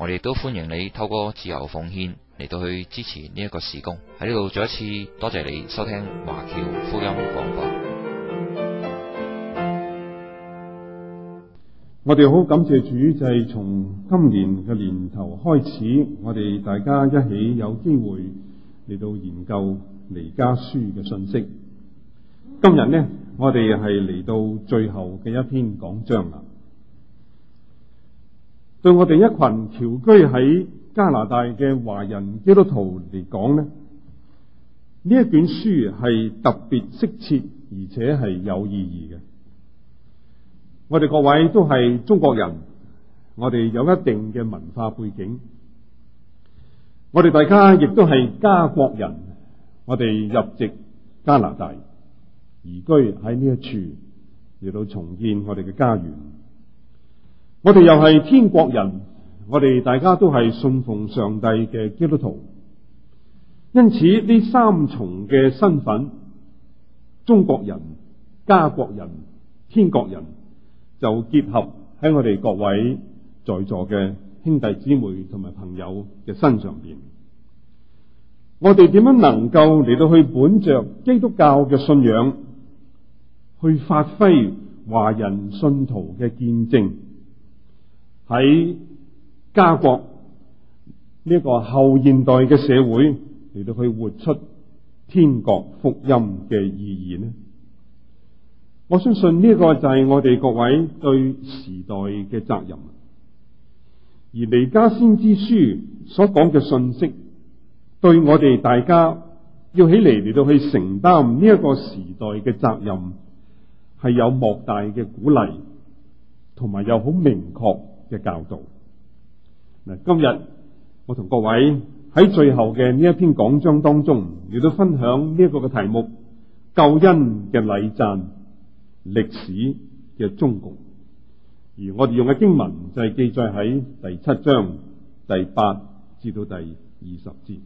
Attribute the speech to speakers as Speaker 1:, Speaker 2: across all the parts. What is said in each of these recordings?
Speaker 1: 我哋都歡迎你透過自由奉獻嚟到去支持呢一個事工。喺呢度再一次多謝你收聽華僑福音廣播。我哋好感謝主，就係、是、從今年嘅年頭開始，我哋大家一起有機會嚟到研究彌迦書嘅信息。今日呢，我哋係嚟到最後嘅一篇講章啦。對我哋一群僑居喺加拿大嘅華人基督徒嚟講呢，呢一卷書係特別適切而且係有意義嘅。我哋各位都係中國人，我哋有一定嘅文化背景，我哋大家亦都係家國人，我哋入籍加拿大，移居喺呢一處嚟到重建我哋嘅家園。我哋又係天國人，我哋大家都係信奉上帝嘅基督徒，因此呢三重嘅身份，中國人、家國人、天國人，就結合喺我哋各位在座嘅兄弟姊妹同埋朋友嘅身上邊。我哋點樣能夠嚟到去本着基督教嘅信仰，去發揮華人信徒嘅見證？喺家國呢一個後現代嘅社會嚟到去活出天國福音嘅意義咧，我相信呢一個就係我哋各位對時代嘅責任。而《彌迦先知書》所講嘅信息，對我哋大家要起嚟嚟到去承擔呢一個時代嘅責任，係有莫大嘅鼓勵，同埋又好明確，嘅教導嗱，今日我同各位喺最後嘅呢一篇講章當中，亦都分享呢一個嘅題目：救恩嘅禮讚，歷史嘅終局，而我哋用嘅經文就係記載喺第七章第八至到第二十節，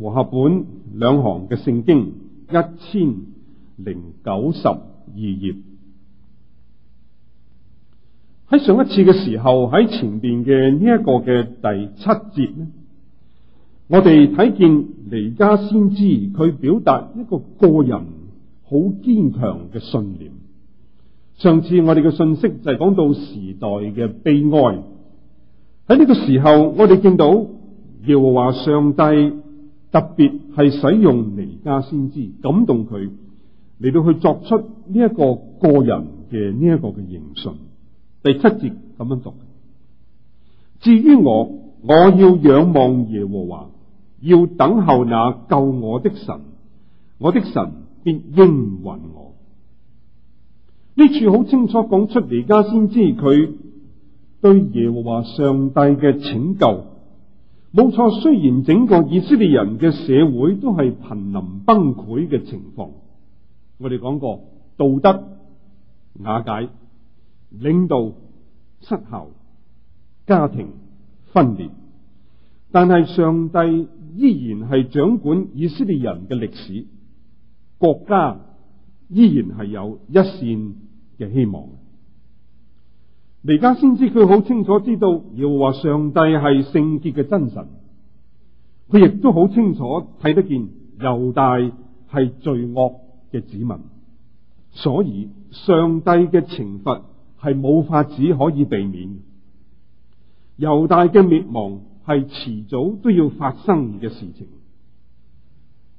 Speaker 1: 和合本兩行嘅聖經一千零九十二頁。
Speaker 2: 喺上一次嘅時候，喺前
Speaker 1: 邊嘅呢一個嘅第七節咧，我哋睇見彌迦先知佢表達一個個人好堅強嘅信念。上次我哋嘅信息就係講到時代嘅悲哀。喺呢個時候，我哋見到耶和華上帝特別係使用彌迦先知，感動佢嚟到去作出呢一個個人嘅呢一個嘅認信。第七節咁樣讀，至於我，我要仰望耶和華，要等候那救我的神，我的神必應允我。呢處好清楚講出，而家先知佢對耶和華上帝嘅拯救，冇錯。雖然整個以色列人嘅社會都係瀕臨崩潰嘅情況，我哋講過道德瓦解。領導失效，家庭分裂，但係上帝依然係掌管以色列人嘅歷史，國家依然係有一線嘅希望。而家先知佢好清楚知道，要話上帝係聖潔嘅真神，佢亦都好清楚睇得見猶大係罪惡嘅子民，所以上帝嘅懲罰。係冇法子可以避免，猶大嘅滅亡係遲早都要發生嘅事情。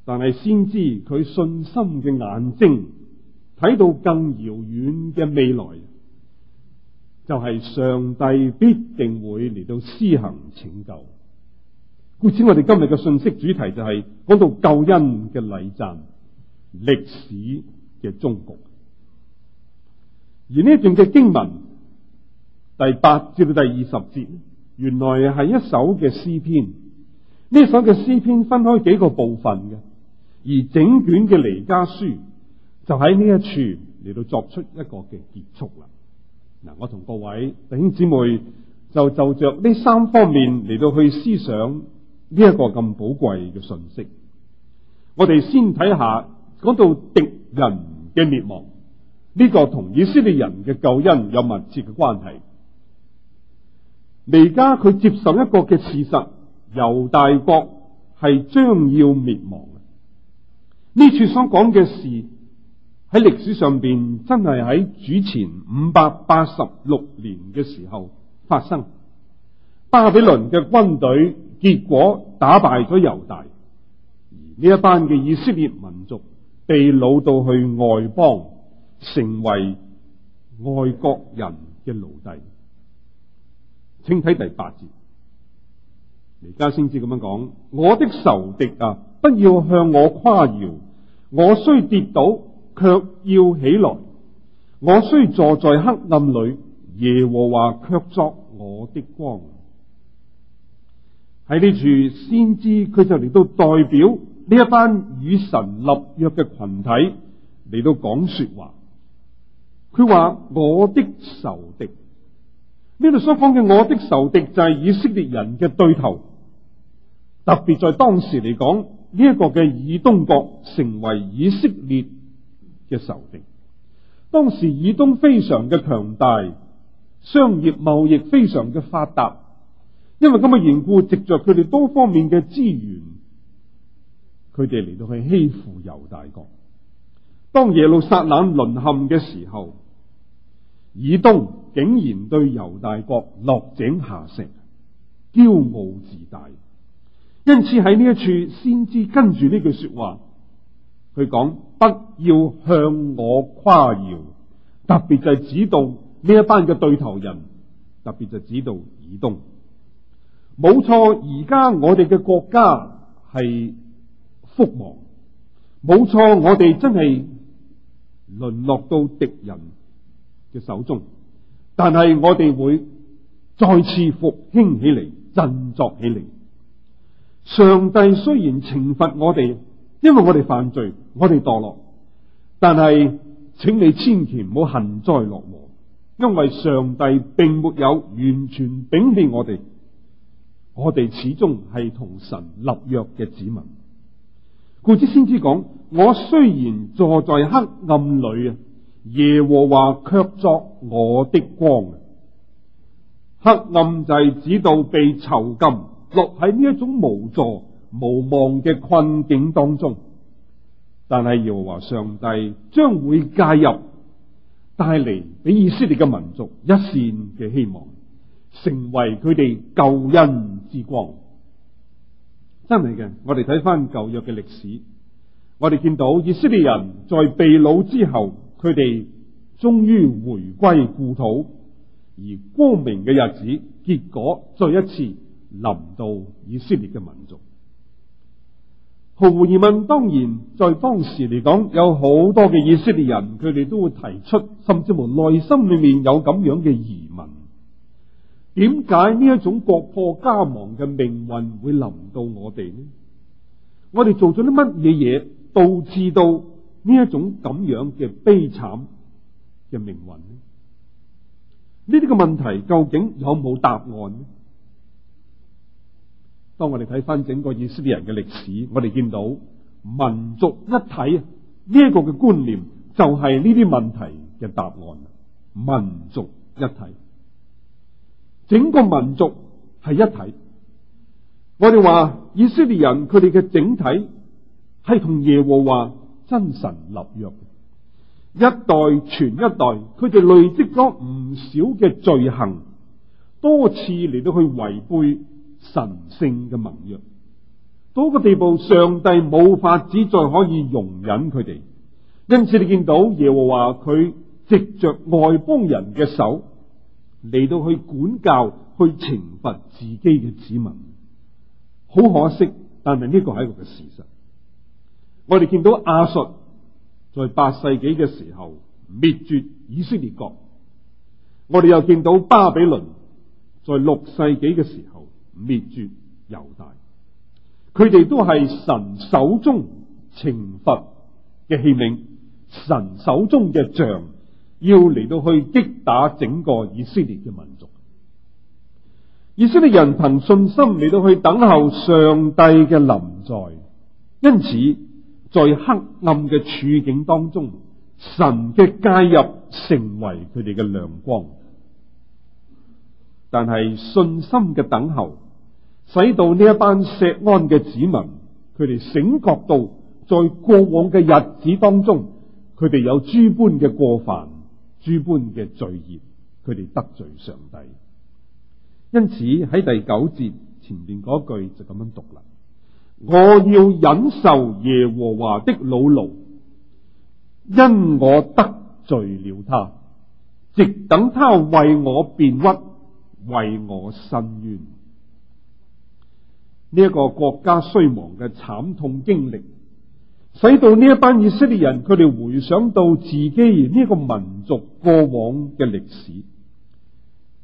Speaker 1: 但係先知佢信心嘅眼睛睇到更遙遠嘅未來，就係、是、上帝必定會嚟到施行拯救。故此，我哋今日嘅信息主題就係、是、講到救恩嘅禮讚，歷史嘅終局。而呢一段嘅經文第八節到第二十節，原來係一首嘅詩篇。呢首嘅詩篇分開幾個部分嘅，而整卷嘅彌迦書就喺呢一處嚟到作出一個嘅結束啦。嗱，我同各位弟兄姊妹就就着呢三方面嚟到去思想呢一個咁寶貴嘅信息。我哋先睇下講到敵人嘅滅亡。呢個同以色列人嘅救恩有密切嘅關係。彌迦佢接受一個嘅事實：猶大國係將要滅亡。呢次所講嘅事喺歷史上面真係喺主前五百八十六年嘅時候發生。巴比倫嘅軍隊結果打敗咗猶大，呢一班嘅以色列民族被擄到去外邦。成為外國人嘅奴隸，請睇第八節。而家先知咁樣講：我的仇敵啊，不要向我誇耀；我雖跌倒，卻要起來；我雖坐在黑暗裏，耶和華卻作我的光。喺呢處先知佢就嚟到，代表呢一班與神立約嘅群體嚟到講說話。佢話我的仇敵，呢度所講嘅我的仇敵就係以色列人嘅對頭，特別在當時嚟講，呢一個嘅以東國成為以色列嘅仇敵。當時以東非常嘅強大，商業貿易非常嘅發達，因為咁嘅緣故，籍着佢哋多方面嘅資源，佢哋嚟到去欺負猶大國。當耶路撒冷淪陷嘅時候，以東竟然對猶大國落井下石，驕傲自大，因此喺呢一處先知跟住呢句說話佢講，不要向我誇耀，特別就係指導呢一班嘅對頭人，特別就指導以東。冇錯，而家我哋嘅國家係覆亡，冇錯，我哋真係。淪落到敵人嘅手中，但係我哋會再次復興起嚟，振作起嚟。上帝雖然懲罰我哋，因為我哋犯罪，我哋墮落，但係請你千祈唔好幸災樂禍，因為上帝並沒有完全摒棄我哋，我哋始終係同神立約嘅子民。故知先知講：我雖然坐在黑暗裏啊，耶和華卻作我的光。黑暗就係指到被囚禁，落喺呢一種無助、無望嘅困境當中。但係耶和華上帝將會介入，帶嚟俾以色列嘅民族一綫嘅希望，成為佢哋救恩之光。真係嘅，我哋睇翻舊約嘅歷史，我哋見到以色列人在被擄之後，佢哋終於回歸故土，而光明嘅日子，結果再一次臨到以色列嘅民族。毫無疑問，當然在當時嚟講，有好多嘅以色列人，佢哋都會提出，甚至乎內心裏面有咁樣嘅疑問。點解呢一種國破家亡嘅命運會臨到我哋呢？我哋做咗啲乜嘢嘢導致到呢一種咁樣嘅悲慘嘅命運呢？呢啲嘅問題究竟有冇答案呢？當我哋睇翻整個以色列人嘅歷史，我哋見到民族一體呢一個嘅觀念就係呢啲問題嘅答案，民族一體。整個民族係一體，我哋話以色列人佢哋嘅整體係同耶和華真神立約，一代傳一代，佢哋累積咗唔少嘅罪行，多次嚟到去違背神聖嘅盟約，到個地步，上帝冇法子再可以容忍佢哋，因此你見到耶和華佢藉着外邦人嘅手。嚟到去管教，去懲罰自己嘅子民，好可惜，但係呢個係一個事實。我哋見到亞述在八世紀嘅時候滅絕以色列國，我哋又見到巴比倫在六世紀嘅時候滅絕猶大，佢哋都係神手中懲罰嘅器皿，神手中嘅杖。要嚟到去擊打整個以色列嘅民族，以色列人憑信心嚟到去等候上帝嘅臨在，因此在黑暗嘅處境當中，神嘅介入成為佢哋嘅亮光。但係信心嘅等候，使到呢一班錫安嘅子民，佢哋醒覺到，在過往嘅日子當中，佢哋有諸般嘅過犯。諸般嘅罪孽，佢哋得罪上帝，因此喺第九節前邊嗰句就咁樣讀啦：我要忍受耶和華的惱怒，因我得罪了他，直等他為我辯屈，為我申冤。呢、這、一個國家衰亡嘅慘痛經歷。使到呢一班以色列人，佢哋回想到自己呢個民族過往嘅歷史，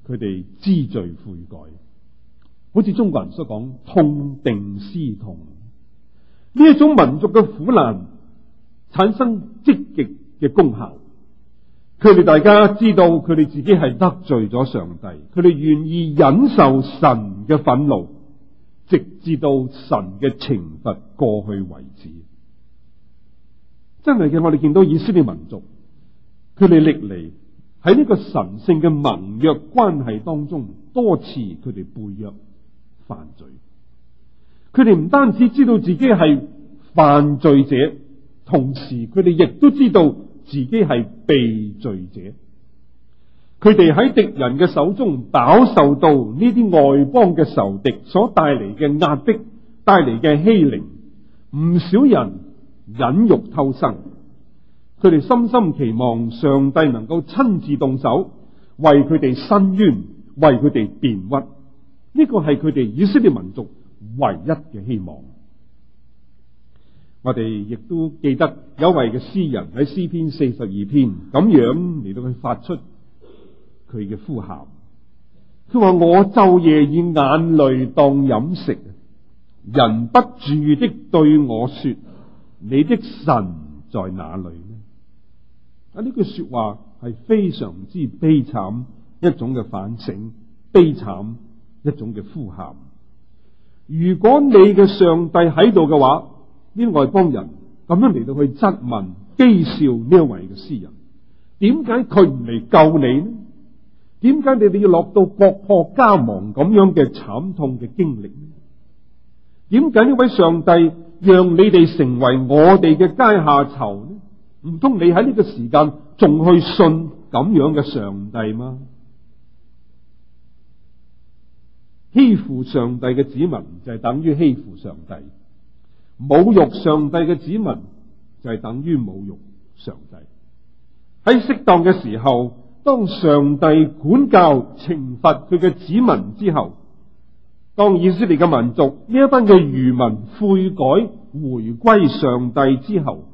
Speaker 1: 佢哋知罪悔改，好似中國人所講，痛定思痛。呢一種民族嘅苦難產生積極嘅功效，佢哋大家知道，佢哋自己係得罪咗上帝，佢哋願意忍受神嘅憤怒，直至到神嘅懲罰過去為止。真係嘅，我哋見到以色列民族，佢哋歷嚟喺呢個神聖嘅盟約關係當中，多次佢哋背約犯罪。佢哋唔單止知道自己係犯罪者，同時佢哋亦都知道自己係被罪者。
Speaker 2: 佢哋喺
Speaker 1: 敵人嘅手中飽受到呢啲外邦嘅仇敵所帶嚟嘅壓迫、帶嚟嘅欺凌，唔少人。忍辱偷生，佢哋深深期望上帝能夠親自動手為佢哋伸冤，為佢哋辯屈。呢個係佢哋以色列民族唯一嘅希望。我哋亦都記得有位嘅詩人喺詩篇四十二篇咁樣嚟，到佢發出佢嘅呼喊。佢話：我晝夜以眼淚當飲食，人不住的對我說。你的神在哪裏呢？啊，呢句說話係非常之悲慘一種嘅反省，悲慘一種嘅呼喊。如果你嘅上帝喺度嘅話，呢外邦人咁樣嚟到去質問譏笑呢位嘅詩人，點解佢唔嚟救你呢？點解你哋要落到國破家亡咁樣嘅慘痛嘅經歷呢？點解呢位上帝？讓你哋成為我哋嘅階下囚呢？唔通你喺呢個時間仲去信咁樣嘅上帝嗎？欺負上帝嘅子民就係等於欺負上帝，侮辱上帝嘅子民就係等於侮辱上帝。喺適當嘅時候，當上帝管教、懲罰佢嘅子民之後。當以色列嘅民族呢一班嘅餘民悔改回歸上帝之後，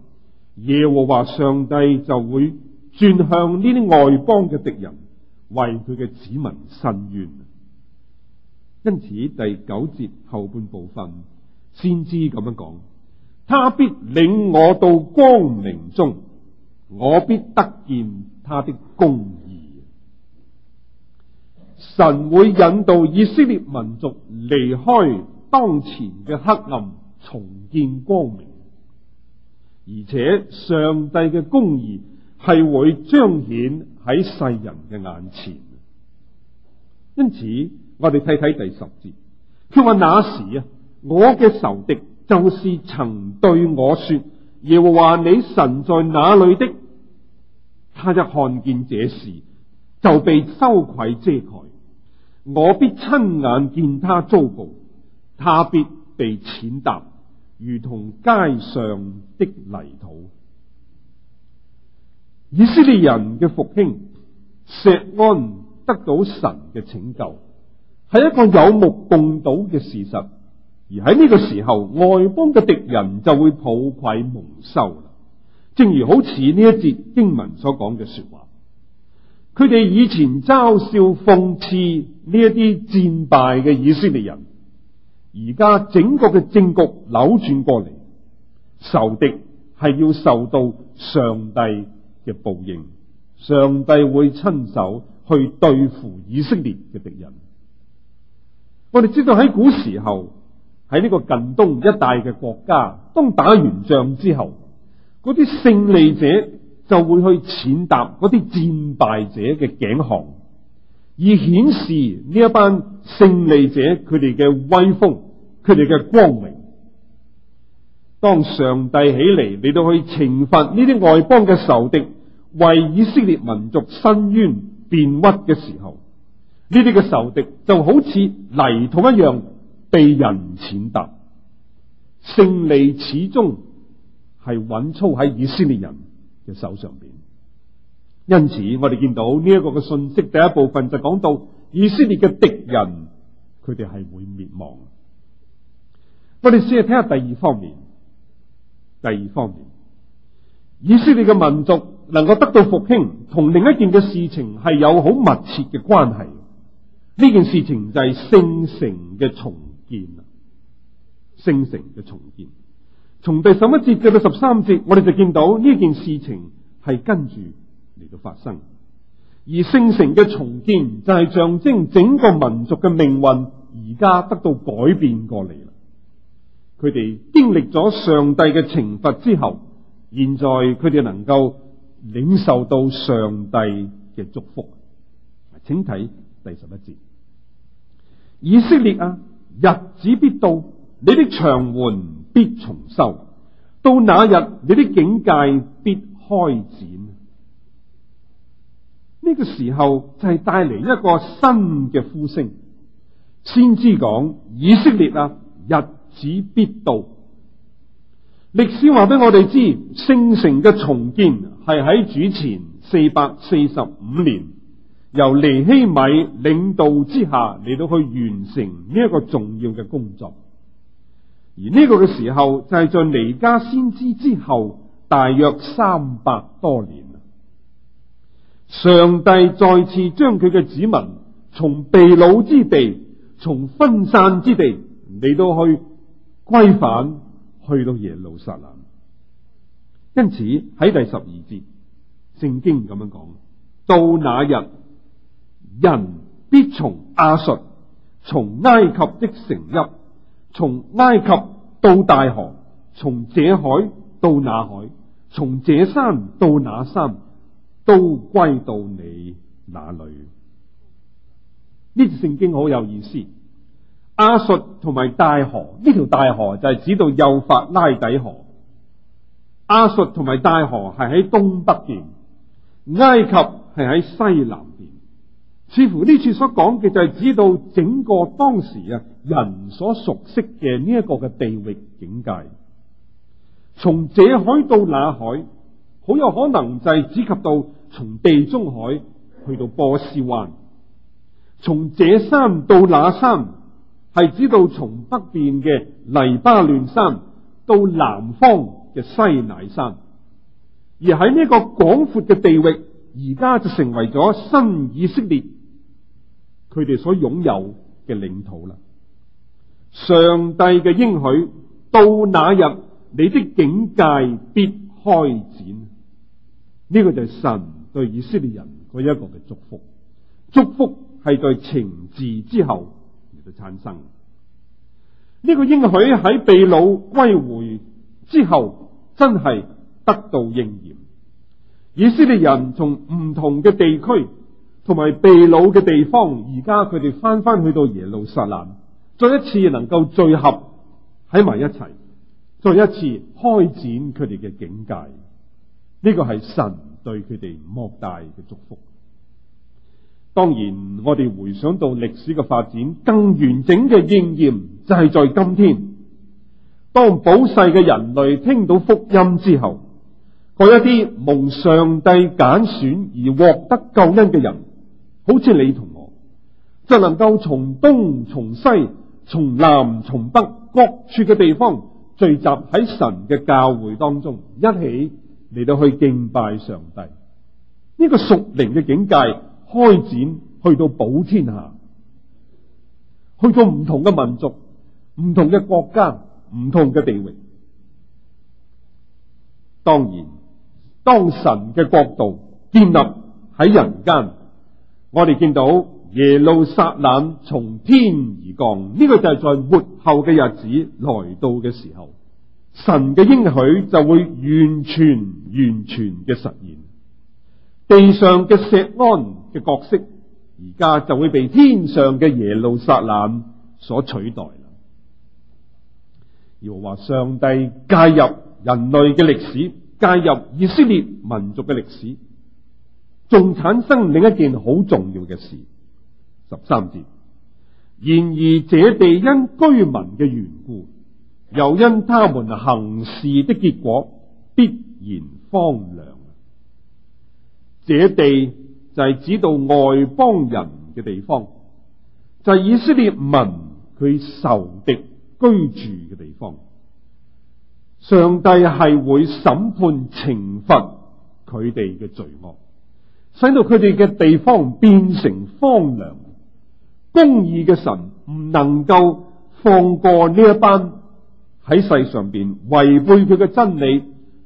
Speaker 1: 耶和華上帝就會轉向呢啲外邦嘅敵人，為佢嘅子民伸冤。因此第九節後半部分先知咁樣講：他必領我到光明中，我必得見他的功。神會引導以色列民族離開當前嘅黑暗，重見光明，而且上帝嘅公義係會彰顯喺世人嘅眼前。因此，我哋睇睇第十節，佢話那時啊，我嘅仇敵就是曾對我說：耶和華你神在哪裏的？他一看見這事，就被羞愧遮蓋。我必親眼見他遭報，他必被踐踏，如同街上的泥土。以色列人嘅復興，錫安得到神嘅拯救，係一個有目共睹嘅事實。而喺呢個時候，外邦嘅敵人就會抱愧蒙羞啦。正如好似呢一節經文所講嘅說話，佢哋以前嘲笑諷刺。呢一啲戰敗嘅以色列人，而家整個嘅政局扭轉過嚟，仇敵係要受到上帝嘅報應，上帝會親手去對付以色列嘅敵人。我哋知道喺古時候喺呢個近東一帶嘅國家，當打完仗之後，嗰啲勝利者就會去踐踏嗰啲戰敗者嘅頸項。以顯示呢一班勝利者佢哋嘅威風，佢哋嘅光明。當上帝起嚟，嚟到去懲罰呢啲外邦嘅仇敵，為以色列民族伸冤辯屈嘅時候，呢啲嘅仇敵就好似泥土一樣被人踐踏。勝利始終係穩操喺以色列人嘅手上邊。因此，我哋見到呢一個嘅信息，第一部分就講到以色列嘅敵人，佢哋係會滅亡。我哋先去睇下第二方面。第二方面，以色列嘅民族能夠得到復興，同另一件嘅事情係有好密切嘅關係。呢件事情就係聖城嘅重建。啊，聖城嘅重建，從第十一節至到十三節，我哋就見到呢件事情係跟住嚟到發生，而聖城嘅重建就係象徵整個民族嘅命運，而家得到改變過嚟啦。佢哋經歷咗上帝嘅懲罰之後，現在佢哋能夠領受到上帝嘅祝福。請睇第十一節：以色列啊，日子必到，你的牆垣必重修，到那日，你的境界必開展。呢個時候就係帶嚟一個新嘅呼聲，先知講以色列啊，日子必到。歷史話俾我哋知，聖城嘅重建係喺主前四百四十五年，由尼希米領導之下嚟到去完成呢一個重要嘅工作。而呢個嘅時候就係在彌迦先知之後大約三百多年。上帝再次將佢嘅子民從被擄之地，從分散之地嚟到去歸返，去到耶路撒冷。因此喺第十二節，聖經咁樣講：到那日，人必從亞述，從埃及的城邑，從埃及到大河，從這海到那海，從這山到那山。都歸到你那裏。呢節聖經好有意思。亞述同埋大河呢條大河就係指到幼發拉底河。亞述同埋大河係喺東北邊，埃及係喺西南邊。似乎呢處所講嘅就係指到整個當時啊人所熟悉嘅呢一個嘅地域境界，從這海到那海。好有可能就係指及到從地中海，去到波斯灣，從這山到那山，係指到從北邊嘅黎巴嫩山到南方嘅西乃山，而喺呢個廣闊嘅地域，而家就成為咗新以色列佢哋所擁有嘅領土啦。上帝嘅應許，到那日，你的境界必開展。呢個就係神對以色列人個一個嘅祝福，祝福係對懲治之後而佢產生。呢、這個應許喺被擄歸回之後，真係得到應驗。以色列人從唔同嘅地區同埋被擄嘅地方，而家佢哋翻翻去到耶路撒冷，再一次能夠聚合喺埋一齊，再一次開展佢哋嘅境界。呢個係神對佢哋莫大嘅祝福。當然，我哋回想到歷史嘅發展，更完整嘅應驗就係在今天。當保世嘅人類聽到福音之後，嗰一啲蒙上帝揀選而獲得救恩嘅人，好似你同我，就能夠從東、從西、從南、從北各處嘅地方聚集喺神嘅教會當中，一起。嚟到去敬拜上帝，呢、這個屬靈嘅境界開展去到普天下，去到唔同嘅民族、唔同嘅國家、唔同嘅地域。當然，當神嘅國度建立喺人間，我哋見到耶路撒冷從天而降，呢、這個就係在末後嘅日子來到嘅時候。神嘅應許就會完全完全嘅實現，地上嘅錫安嘅角色而家就會被天上嘅耶路撒冷所取代啦。又話上帝介入人類嘅歷史，介入以色列民族嘅歷史，仲產生另一件好重要嘅事。十三節，然而這地因居民嘅緣故。又因他們行事的結果必然荒涼，這地就係指到外邦人嘅地方，就係、是、以色列民佢仇敵居住嘅地方。上帝係會審判懲罰佢哋嘅罪惡，使到佢哋嘅地方變成荒涼。公義嘅神唔能夠放過呢一班。喺世上邊違背佢嘅真理，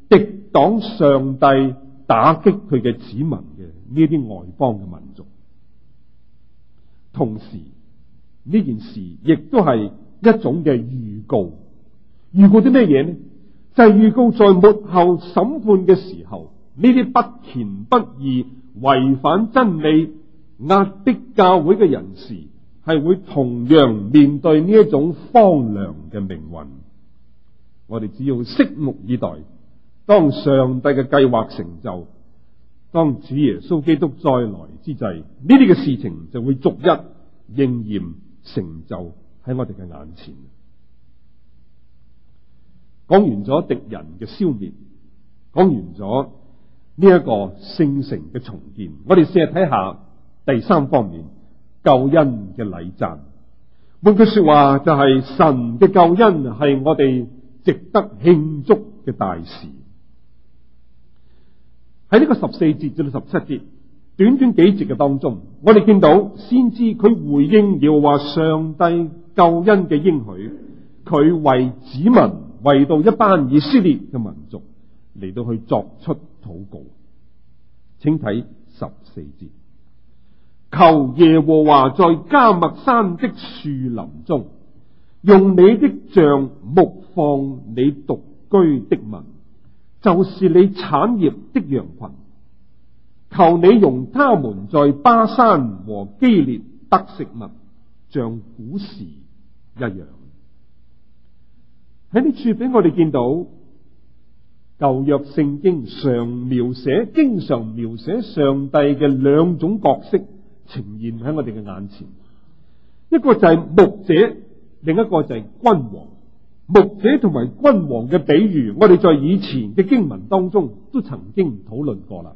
Speaker 1: 敵擋上帝，打擊佢嘅子民嘅呢啲外邦嘅民族，同時呢件事亦都係一種嘅預告。預告啲咩嘢呢？就係、是、預告在末後審判嘅時候，呢啲不虔不義、違反真理、壓迫教會嘅人士，係會同樣面對呢一種荒涼嘅命運。我哋只要拭目以待，當上帝嘅計劃成就，當主耶穌基督再來之際，呢啲嘅事情就會逐一應驗成就喺我哋嘅眼前。講完咗敵人嘅消滅，講完咗呢一個聖城嘅重建，我哋試下睇下第三方面救恩嘅禮讚。換句說話就係神嘅救恩係我哋值得慶祝嘅大事。喺呢個十四節至到十七節短短幾節嘅當中，我哋見到先知佢回應，要話上帝救恩嘅應許，佢為子民為到一班以色列嘅民族嚟到去作出禱告。請睇十四節，求耶和華在迦密山的樹林中用你的杖牧，放你獨居的民，就是你產業的羊群。求你容他們在巴山和基列得食物，像古時一樣。喺呢處，俾我哋見到舊約聖經常描寫，經常描寫上帝嘅兩種角色呈現喺我哋嘅眼前。一個就係牧者，另一個就係君王。牧者同埋君王嘅比喻，我哋在以前嘅經文當中都曾經討論過啦。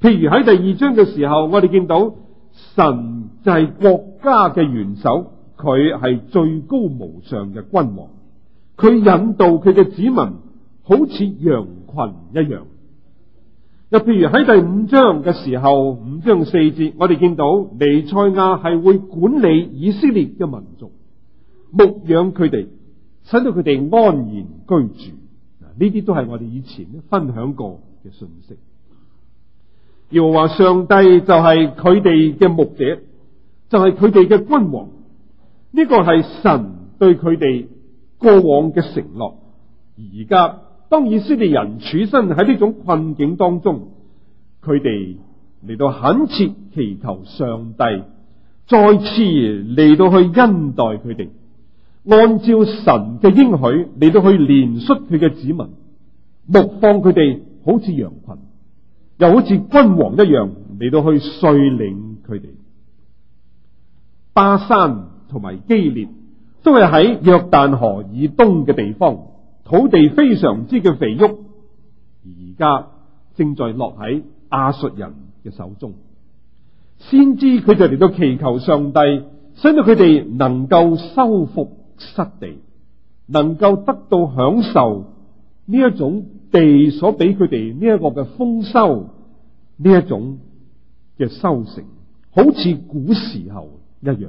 Speaker 1: 譬如喺第二章嘅時候，我哋見到神就係國家嘅元首，佢係最高無上嘅君王，佢引導佢嘅子民好似羊群一樣。又譬如喺第五章嘅時候，五章四節，我哋見到彌賽亞係會管理以色列嘅民族，牧養佢哋。使到佢哋安然居住，嗱呢啲都係我哋以前分享過嘅信息。又話上帝就係佢哋嘅牧者，就係佢哋嘅君王，呢、這個係神對佢哋過往嘅承諾。而家當以色列人處身喺呢種困境當中，佢哋嚟到懇切祈求上帝再次嚟到去恩待佢哋。按照神嘅應許嚟到去憐恤佢嘅子民，牧放佢哋好似羊群，又好似君王一樣嚟到去率領佢哋。巴山同埋基列都係喺約旦河以東嘅地方，土地非常之嘅肥沃，而家正在落喺亞述人嘅手中。先知佢就嚟到祈求上帝，使到佢哋能夠收復。失地能夠得到享受呢一種地所俾佢哋呢一個嘅豐收，呢一種嘅收成，好似古時候一樣。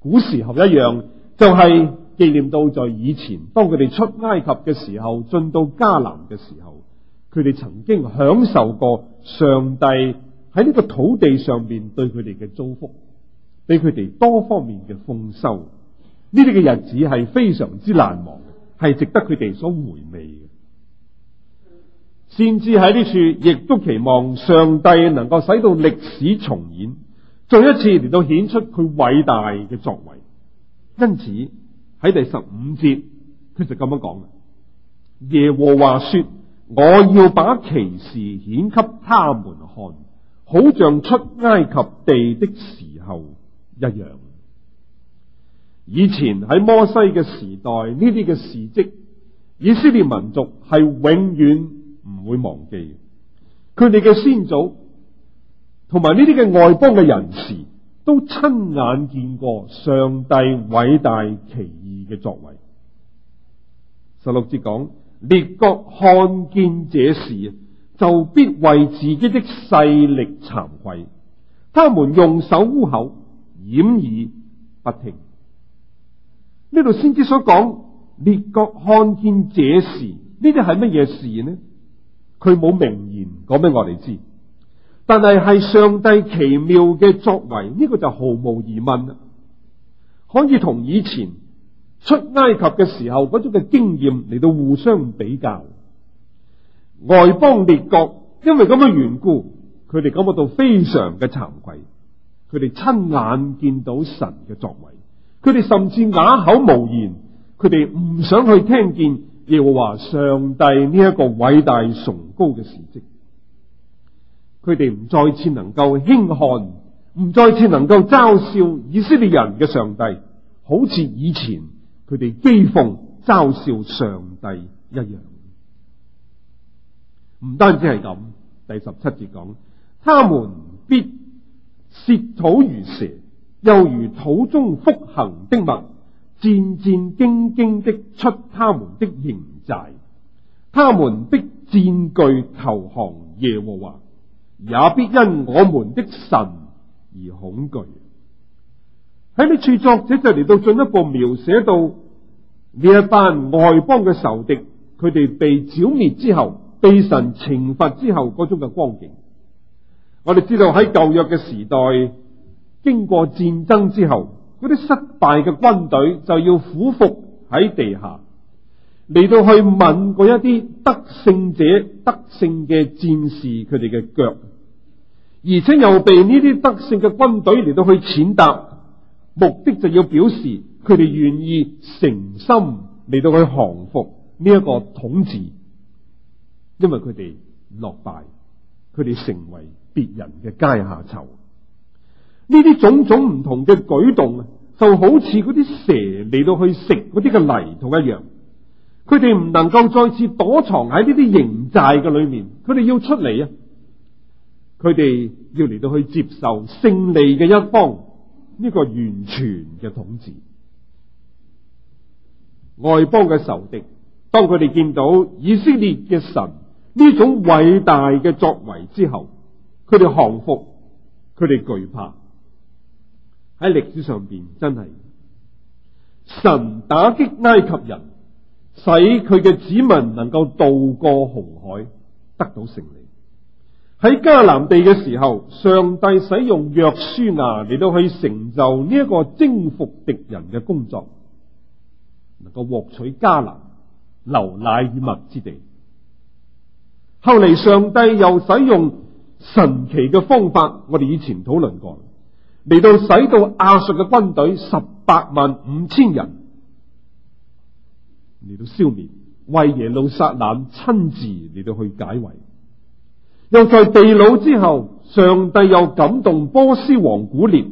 Speaker 1: 古時候一樣就係紀念到在以前，當佢哋出埃及嘅時候，進到迦南嘅時候，佢哋曾經享受過上帝喺呢個土地上面對佢哋嘅祝福，俾佢哋多方面嘅豐收。呢啲嘅日子係非常之難忘，係值得佢哋所回味嘅。甚至喺呢處亦都期望上帝能夠使到歷史重演，再一次嚟到顯出佢偉大嘅作為。因此喺第十五節，佢就咁樣講啦：耶和華說，我要把奇事顯給他們看，好像出埃及地的時候一樣。以前喺摩西嘅時代，呢啲嘅事跡，以色列民族係永遠唔會忘記嘅。佢哋嘅先祖同埋呢啲嘅外邦嘅人士，都親眼見過上帝偉大奇異嘅作為。十六節講，列國看見這事，就必為自己的勢力慚愧。他們用手污口，掩耳不聽。呢度先至所講列國看見這事，呢啲係乜嘢事呢？佢冇明言講俾我哋知，但係係上帝奇妙嘅作為，呢個就毫無疑問啦。可以同以前出埃及嘅時候嗰種嘅經驗嚟到互相比較。外邦列國因為咁嘅緣故，佢哋感覺到非常嘅慚愧，佢哋親眼見到神嘅作為。佢哋甚至啞口無言，佢哋唔想去聽見耶和華上帝呢一個偉大崇高嘅事跡。佢哋唔再次能夠輕看，唔再次能夠嘲笑以色列人嘅上帝，好似以前佢哋譏諷嘲笑上帝一樣。唔單止係咁，第十七節講，
Speaker 2: 他們
Speaker 1: 必舔土如蛇。又如土中複行的物，戰戰兢兢的出他們的營寨，他們必戰兢投降耶和華，也必因我們的神而恐懼。喺呢處， 作者就嚟到進一步描寫到呢一班外邦嘅仇敵，佢哋被剿滅之後，被神懲罰之後嗰種嘅光景。我哋知道喺舊約嘅時代。經過戰爭之後，嗰啲失敗嘅軍隊就要俯伏喺地下，嚟到去吻過一啲得勝者、得勝嘅戰士佢哋嘅腳，而且又被呢啲得勝嘅軍隊嚟到去踐踏，目的就要表示佢哋願意誠心嚟到去降服呢一個統治，因為佢哋落敗，佢哋成為別人嘅階下囚。呢啲種種唔同嘅舉動啊，就好似嗰啲蛇嚟到去食嗰啲嘅泥同一樣。佢哋唔能夠再次躲藏喺呢啲營寨嘅裏面，佢哋要出嚟啊！佢哋要嚟到去接受勝利嘅一方呢、呢個完全嘅統治。外邦嘅仇敵，當佢哋見到以色列嘅神呢種偉大嘅作為之後，佢哋降服，佢哋懼，懼怕。喺歷史上邊，真係神打擊埃及人，使佢嘅子民能夠渡過紅海，得到勝利。喺迦南地嘅時候，上帝使用約書亞嚟到去成就呢一個征服敵人嘅工作，能夠獲取迦南流奶與蜜之地。後嚟上帝又使用神奇嘅方法，我哋以前討論過。嚟到使到亞述嘅軍隊十八萬五千人嚟到消滅，為耶路撒冷親自嚟到去解圍，又在被擄之後，上帝又感動波斯王古列，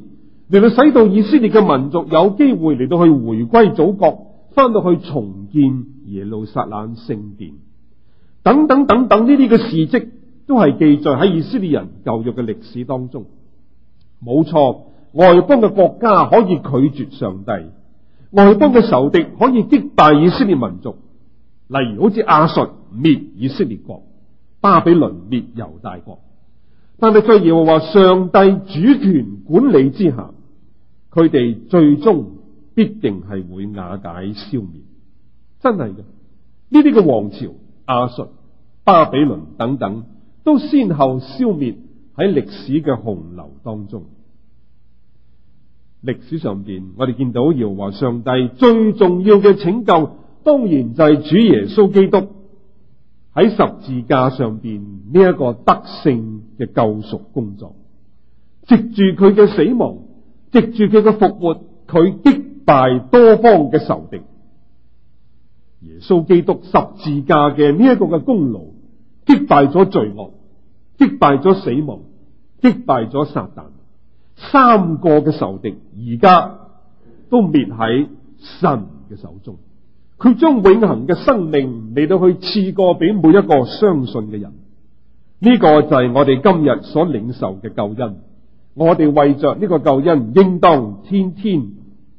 Speaker 1: 嚟到使到以色列嘅民族有機會嚟到去回歸祖國，翻到去重建耶路撒冷聖殿，殿，等等等等呢啲嘅事跡，都係記載喺以色列人舊約嘅歷史當中。冇錯，外邦嘅國家可以拒絕上帝，外邦嘅仇敵可以擊敗以色列民族，例如好似亞述滅以色列國、巴比倫滅猶大國。但係再而話，上帝主權管理之下，佢哋最終必定係會瓦解消滅，真係嘅。呢啲嘅王朝、亞述、巴比倫等等，都先後消滅。喺歷史嘅洪流當中，歷史上邊我哋見到耶和華上帝最重要嘅拯救，當然就係主耶穌基督喺十字架上邊呢一個得勝嘅救贖工作，藉住佢嘅死亡，藉住佢嘅復活，佢擊敗多方嘅仇敵。耶穌基督十字架嘅呢一個嘅功勞，擊敗咗罪惡，擊敗咗死亡。擊敗咗撒旦，三個嘅仇敵而家都滅喺神嘅手中。佢將永恆嘅生命嚟到去賜過俾每一個相信嘅人。呢、這個就係我哋今日所領受嘅救恩。我哋為着呢個救恩，應當天天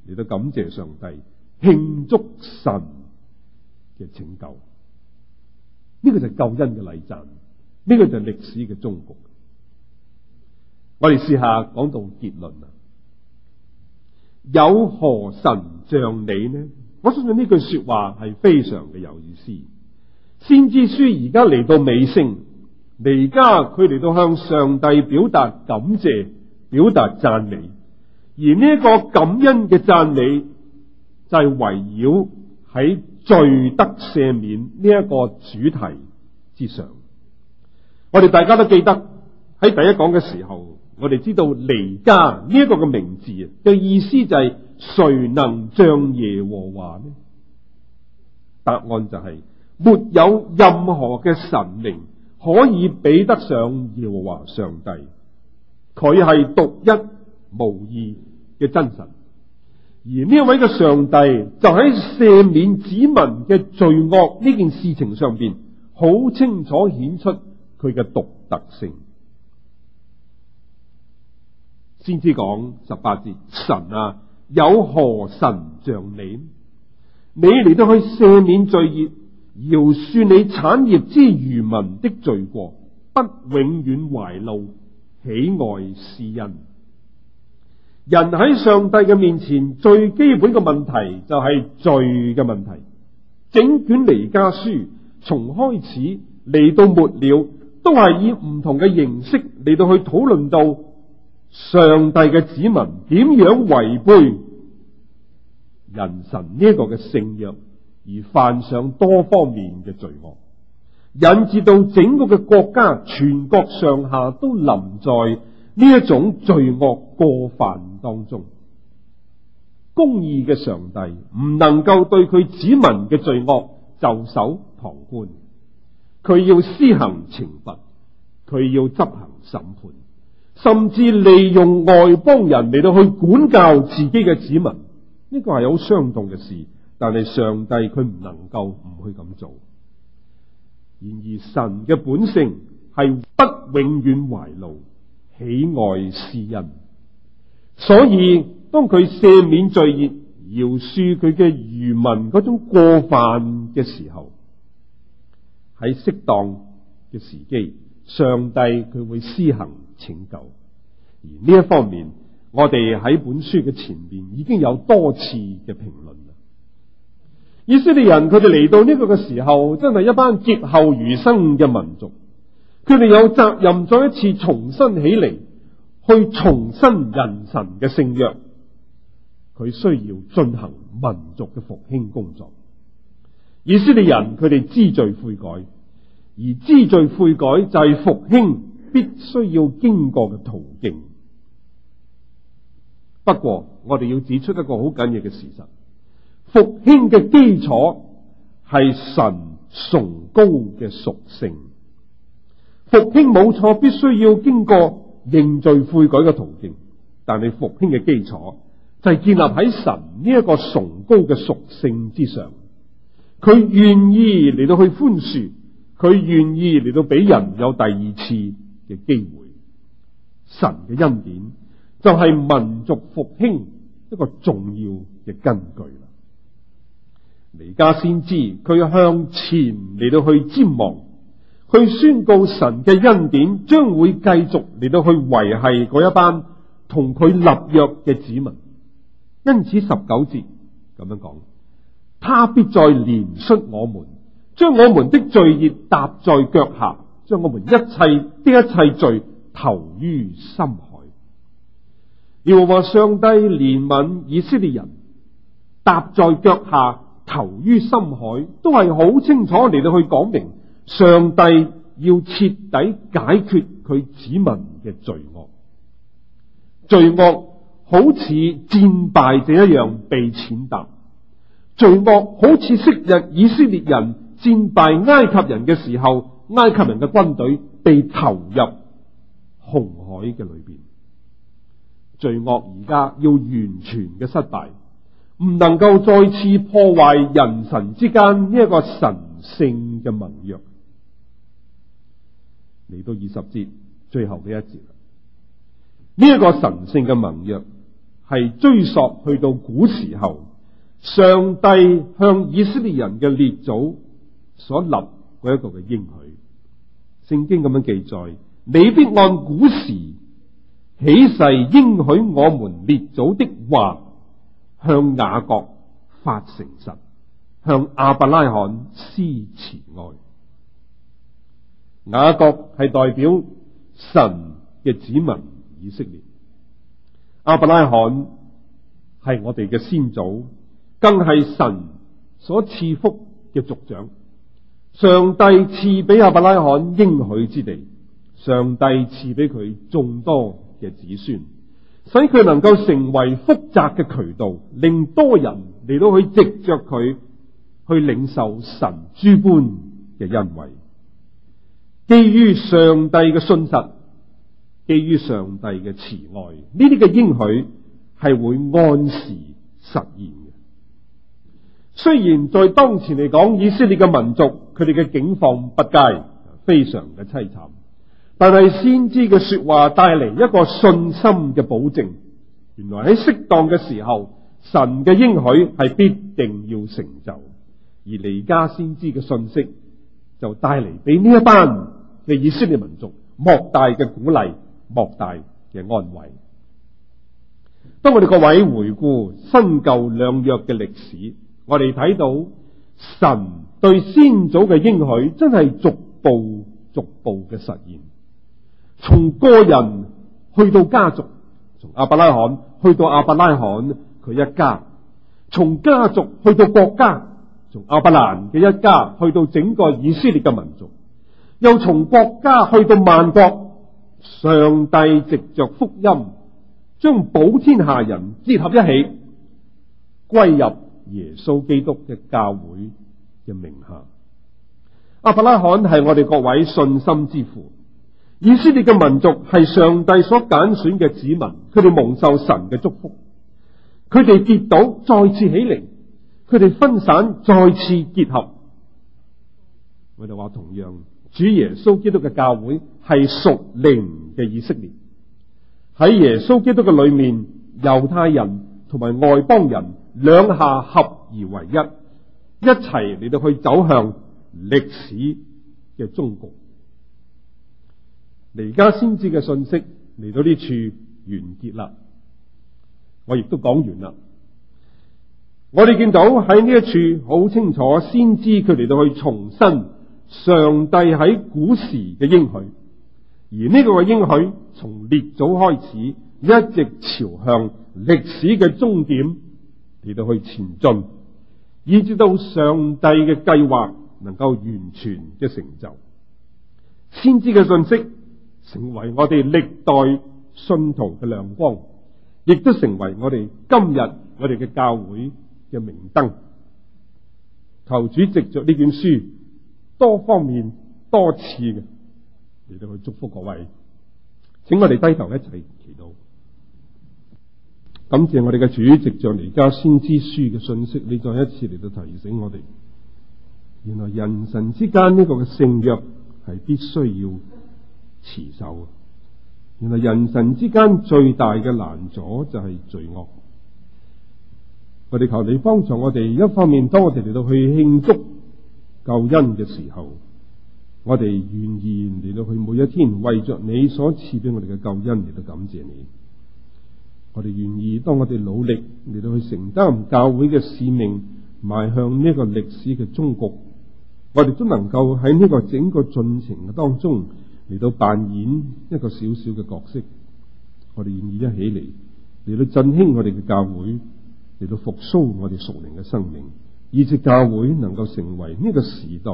Speaker 1: 嚟到感謝上帝，慶祝神嘅拯救。呢、這個就係救恩嘅禮讚。呢、這個就係歷史嘅終局。我哋試下講到結論啊！有何神像你呢？我相信呢句說話係非常嘅有意思。先知書而家嚟到尾聲，而家佢嚟到向上帝表達感謝、表達讚美，而呢一個感恩嘅讚美就係圍繞喺罪得赦免呢一個主題之上。我哋大家都記得喺第一講嘅時候。我哋知道彌迦呢一個嘅名字嘅意思就係誰能像耶和華呢？答案就係、是、沒有任何嘅神靈可以比得上耶和華上帝，佢係獨一無二嘅真神。而呢位嘅上帝就喺赦免子民嘅罪惡呢件事情上邊，好清楚顯出佢嘅獨特性。先知講十八節，神啊，有何神像你？你嚟到去赦免罪孽，饒恕你產業之餘民的罪過，不永遠懷怒，喜愛施恩。人喺上帝嘅面前，最基本嘅問題就係罪嘅問題。整卷彌迦書從開始嚟到末了，都係以唔同嘅形式嚟到去討論到。上帝嘅子民點樣違背人神呢一個嘅聖約，而犯上多方面嘅罪惡，引致到整個嘅國家全國上下都臨在呢一種罪惡過犯當中。公義嘅上帝唔能夠對佢子民嘅罪惡袖手旁觀，佢要施行懲罰，佢要執行審判。甚至利用外邦人嚟到去管教自己嘅子民，呢個係好傷痛嘅事。但係上帝佢唔能夠唔去咁做。然而神嘅本性係不永遠懷怒，喜愛施恩。所以當佢赦免罪孽、饒恕佢嘅餘民嗰種過犯嘅時候，喺適當嘅時機，上帝佢會施行拯救。而呢一方面，我哋喺本書嘅前面已經有多次嘅評論。以色列人佢哋嚟到呢個嘅時候，真係一班劫後餘生嘅民族。佢哋有責任再一次重新起嚟，去重申「人神」嘅聖約。佢需要進行民族嘅復興工作。以色列人佢哋知罪悔改，而知罪悔改就係復興，必須要經過嘅途徑。不過我哋要指出一個好緊要嘅事實：復興嘅基礎係神崇高嘅屬性。復興冇錯，必須要經過認罪悔改嘅途徑。但係復興嘅基礎就係建立喺神呢一個崇高嘅屬性之上。佢願意嚟到去寬恕，佢願意嚟到俾人有第二次。嘅機會，神嘅恩典就係民族復興一個重要嘅根據啦。嚟家，先知佢向前嚟到去瞻望，去宣告神嘅恩典將會繼續嚟到去維繫嗰一班同佢立約嘅子民。因此十九節咁樣講，他必再憐恤我們，將我們的罪孽踏在腳下。將我們一切的一切罪投於深海，要話上帝憐憫以色列人，踏在腳下投於深海，都係好清楚嚟到去講明，上帝要徹底解決佢子民嘅罪惡。罪惡好似戰敗者一樣被踐踏，罪惡好似昔日以色列人戰敗埃及人嘅時候。埃及人嘅軍隊被投入紅海嘅裏邊，罪惡而家要完全嘅失敗，唔能夠再次破壞人神之間呢一個神聖嘅盟約。嚟到二十節最後嘅一節，呢、這、一個神聖嘅盟約係追溯去到古時候，上帝向以色列人嘅列祖所立。嗰一個嘅應許，聖經咁樣記載：你必按古時起誓應許我們列祖的話，向雅各發誠實，向亞伯拉罕施慈愛。雅各係代表神嘅子民以色列，亞伯拉罕係我哋嘅先祖，更係神所賜福嘅族長。上帝賜俾亞伯拉罕應許之地，上帝賜俾佢眾多嘅子孫，使佢能夠成為福澤嘅渠道，令多人嚟到去藉著佢去領受神諸般嘅恩惠。基於上帝嘅信實，基於上帝嘅慈愛，呢啲嘅應許係會按時實現嘅。雖然在當前嚟講，以色列嘅民族。佢哋嘅境況不佳，非常嘅淒慘。但係先知嘅說話帶嚟一個信心嘅保證，原來喺適當嘅時候，神嘅應許係必定要成就。而彌迦先知嘅信息就帶嚟俾呢一班嘅以色列民族莫大嘅鼓勵，莫大嘅安慰。當我哋各位回顧新舊兩約嘅歷史，我哋睇到神。對先祖嘅應許真係逐步逐步嘅實現，從個人去到家族，從亞伯拉罕去到亞伯拉罕佢一家，從家族去到國家，從亞伯蘭嘅一家去到整個以色列嘅民族，又從國家去到萬國，上帝藉著福音將保天下人結合一起，歸入耶穌基督嘅教會。嘅名下，阿伯拉罕係我哋各位信心之父。以色列嘅民族係上帝所揀選嘅子民，佢哋蒙受神嘅祝福。佢哋跌倒，再次起嚟；佢哋分散，再次結合。我哋話同樣，主耶穌基督嘅教會係屬靈嘅以色列。喺耶穌基督嘅裏面，猶太人同埋外邦人兩下合而為一。一齊嚟到去走向歷史嘅終局，彌迦先知嘅信息嚟到呢處完結啦，我亦都講完啦。我哋見到喺呢一處好清楚，先知佢嚟到去重申上帝喺古時嘅應許，而呢個嘅應許從列祖開始，一直朝向歷史嘅終點嚟到去前進，以至到上帝嘅計劃能夠完全嘅成就，先知嘅信息成為我哋歷代信徒嘅亮光，亦都成為我哋今日我哋嘅教會嘅明燈。求主藉着呢卷書多方面、多次嘅嚟到去祝福各位，請我哋低頭一齊祈禱。感謝我哋嘅主席將《彌迦先知書》嘅信息，你再一次嚟到提醒我哋，原來人神之間呢個嘅聖約係必須要持守。原來人神之間最大嘅難阻就係罪惡。我哋求你幫助我哋，一方面當我哋嚟到去慶祝救恩嘅時候，我哋願意嚟到去每一天為著你所賜俾我哋嘅救恩嚟到感謝你。我哋願意，當我哋努力嚟到去承擔教會嘅使命，邁向呢一個歷史嘅終局，我哋都能夠喺呢個整個進程嘅當中嚟到扮演一個小小嘅角色。我哋願意一起嚟嚟到振興我哋嘅教會，嚟到復甦我哋屬靈嘅生命，以至教會能夠成為呢個時代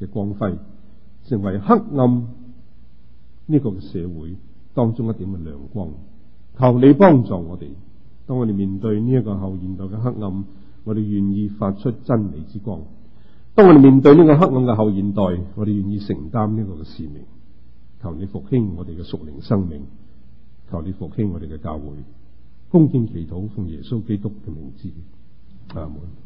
Speaker 1: 嘅光輝，成為黑暗呢個社會當中一點嘅亮光。求你幫助我哋，當我哋面對呢一個後現代嘅黑暗，我哋願意發出真理之光。當我哋面對呢個黑暗嘅後現代，我哋願意承擔呢個嘅使命。求你復興我哋嘅屬靈生命，求你復興我哋嘅教會。恭敬祈禱奉耶穌基督嘅名字，阿門。